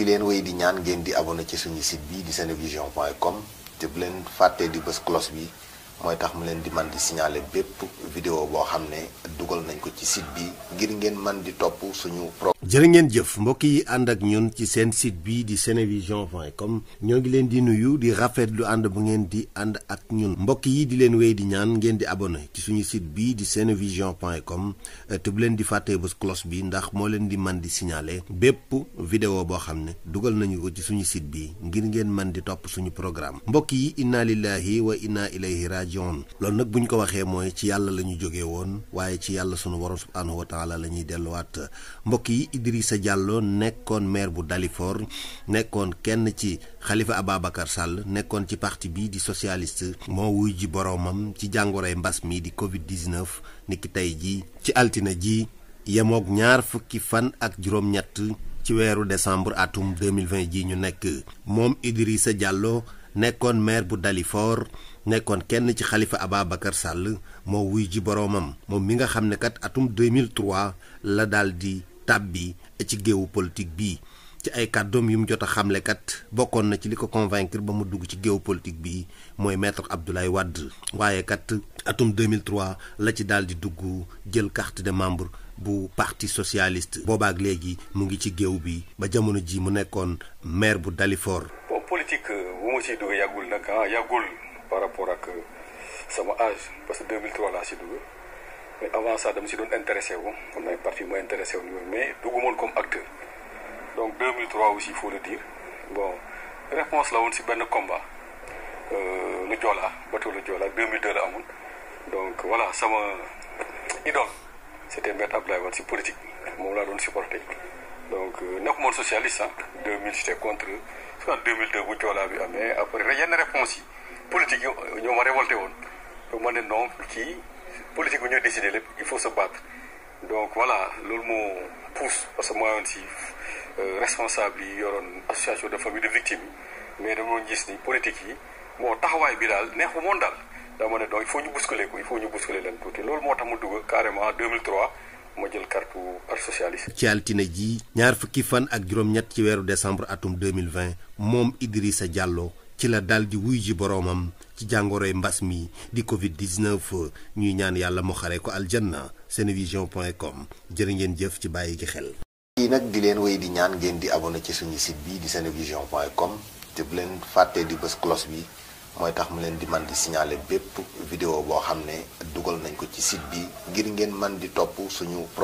di leen wéy di ñaan ngeen di abonné ci suñu site bi di senevision point com te bu leen fàttee di bës cloche bi moy tax mu len di man di signaler bepp vidéo bo xamné duggal nañ ko ci site bi ngir ngeen man di top suñu pro jërë ngeen jëf mbokk yi and ak ñun ci seen site bi di senevision point com ñoo ngi leen di nuyu di lu and bu ngeen di and ak ñun mbokk yi di leen wéy di ñaan ngeen di abonné ci suñu site bi di senevision.com eh, te bu leen di fàttee bu cloche bi ndax moo leen di man di signaler bépp vidéo boo xam ne dugal nañu ko ci suñu site bi ngir ngeen man di topp suñu programme mbokk yi inna lillahi wa inna ilayhi raji raajiun loolu nag bu ñu ko waxee mooy ci yàlla la ñu jógee woon waaye ci yàlla sunu borom subhaanahu wa taala la ñuy delluwaat mbokk yi sa Diallo nekkoon maire bu Dalifort nekkoon kenn ci Khalifa Ababacar Sall nekkoon ci parti bii di socialiste moo wuy ji boroomam ci jàngoroy mbas mi di Covid 19 niki tey jii ci altine ji yemoog ñaar fukki fan ak juróom-ñett ci weeru décembre atum 2020 ji ñu nekk moom sa Diallo. nekkoon maire bu Dalifort nekkoon kenn ci xalifa Ababacar Sall moo wuy ji boroomam moom mi nga xam ne kat atum 2003 la daal di tàbbi ci géewu politique bi ci ay kàddoom yu mu jot a xamle kat bokkoon na ci li ko convaincre ba mu dugg ci géewu politique bii mooy maître ay wadd waaye kat atum 2003 la ci daal di dugg jël carte de membre bu parti socialiste boobaak léegi mu ngi ci géew bi ba jamono ji mu nekkoon maire bu Dalifort politique euh, vous ma Yagoul, dugg par rapport à mon âge parce que 2003 là c'est dugg mais avant ça je me suis intéressé wu a une partie moins ma intéressé wu mais monde comme acteur donc 2003 aussi il faut le dire bon réponse on woon si benn combat euh, lu djola bateau djola là 2002 là donc voilà ça idole c'était c'était Maître c'est politique je laa supporté donc euh, nous socialiste socialistes, hein, 2000 j'étais contre en 2002 bu joolaa bi amee après yenn réponse yi politique yi ñoo ma révolté woon donc ma non ci politique bi ñoo décidé lépp il faut se battre donc voilà loolu moo pousse parce que mooyoon si euh, responsable yi yoroon association de famille de victimes mais dama gis ni politique yi moo taxawaay bi daal neexu moon daal dama ne donc il faut ñu bousculer ko il faut ñu bousculer leen tuuti loolu moo tax mu dugg carrément 2003 ma jël carte parti socialiste. ci altine ji ñaar fukki fan ak juróom-ñett ci weeru décembre atum 2020 moom sa Diallo ci la dal di wuy ji boroomam ci jàngoroy mbas mi di Covid 19 ñuy ñaan yàlla mu xare ko aljanna senevision point com jërë ngeen jëf ci bàyyi gi xel. yi nag di leen wéy di ñaan ngeen di abonné ci suñu site bi di senevision vision com te bu leen fàttee di bës cloche bi. mooy tax mu leen di man di signaler bépp vidéo boo xam ne dugal nañ ko ci site bi ngir ngeen man di topp suñu